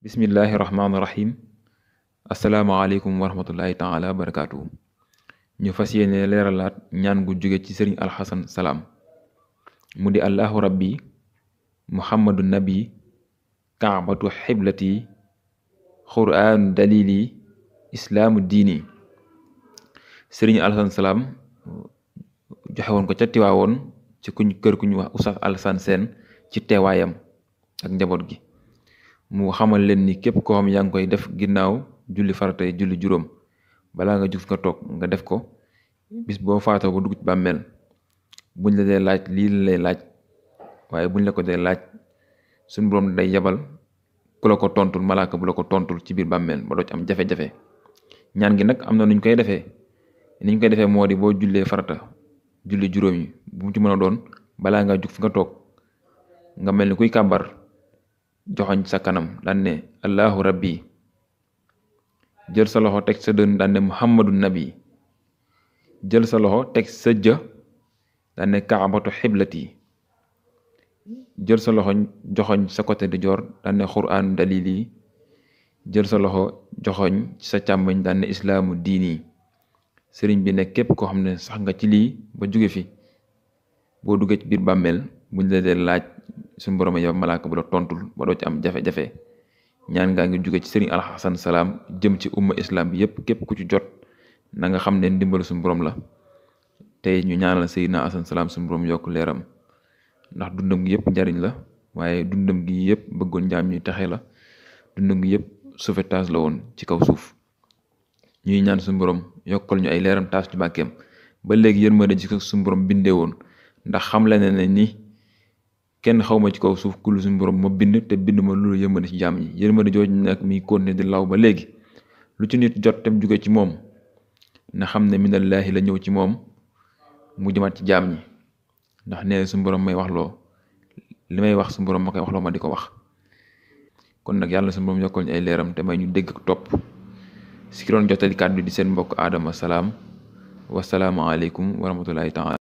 bismillahi rahmaani rahim asalaamaaleykum wa rahmatullahi taala barakaatu ñu fas yéene leeralaat ñaan gu jóge ci sëriñ alxasan salaam mu di allahu rabbi muhammadu nabi kaabatu xiblati quraanu dalili islaamu diini sëriñ alxasan salaam joxe woon ko ca tiwaawoon ci kuñ kër ku ñu wax ustaas alxasan seen ci teewaayam ak njaboot gi mu xamal leen ni képp koo xam yaa ngi koy def ginnaaw julli farata yi julli juróom balaa nga jug nga toog nga def ko bis boo faatoo ba dugg bàmmeel buñ la dee laaj lii lay laaj waaye buñ la ko dee laaj suñ boroom day yabal ku ko tontul malaaka bu ko tontul ci biir bàmmeel ba doo am jafe ñaan gi nag am na nuñ koy defee niñ koy defee moo di boo jullee farata julli juróom yi bu ci mën a doon balaa nga jug fi nga toog nga mel ni kuy kàbbar joxoñ sa kanam daan ne allahu rabbi jël sa loxo teg sa dën daan ne muhammadu nabi jël sa loxo teg sa jë daan ne kaabatu xiblati jël sa loxo joxoñ sa côté di joor daan ne quraan dalili jël sa loxo joxoñ sa càmmoñ daan islaamu diini sëriñ bi ne képp koo xam ne sax nga ci lii ba jóge fi boo duggee ci biir bàmmeel buñ la dee laaj suñu borom yow malaaka bu la tontul ba doo ci am jafe-jafe ñaan ngaa ngi jóge ci sëriñ alxasan salaam jëm ci umma islaam bi yëpp képp ku ci jot nanga xam ne ndimbalu su borom la tey ñu ñaanal Seydina Asan salaam su borom yokk leeram ndax dundam gi yëpp njariñ la waaye dundam gi yëpp bëggoon njaam ñuy taxe la dundam gi yëpp sauvetage la woon ci kaw suuf ñuy ñaan su borom yokkal ñu ay leeram taas ci bàkkeem ba léegi yërmande ci su borom bindee woon ndax xam la ne nii kenn xaw ma ci kaw suuf kulu suñu borom ma bind te bind ma loolu yërmande ci jaam ñi yërmande jooju nag mi continuer di law ba léegi lu ci nit jot tam jóge ci moom na xam ne minallaahi la ñëw ci moom mu jëmaat ci jaam ñi ndax nee suñu borom may waxloo li may wax suñu borom ma koy wax loo ma di ko wax kon nag yàlla suñu borom yokkal ñu ay leeram te may ñu dégg ak topp si ki doon jottali kàddu di seen mbokk aadama salaam wasalaamualeykum wa rahmatullahi taala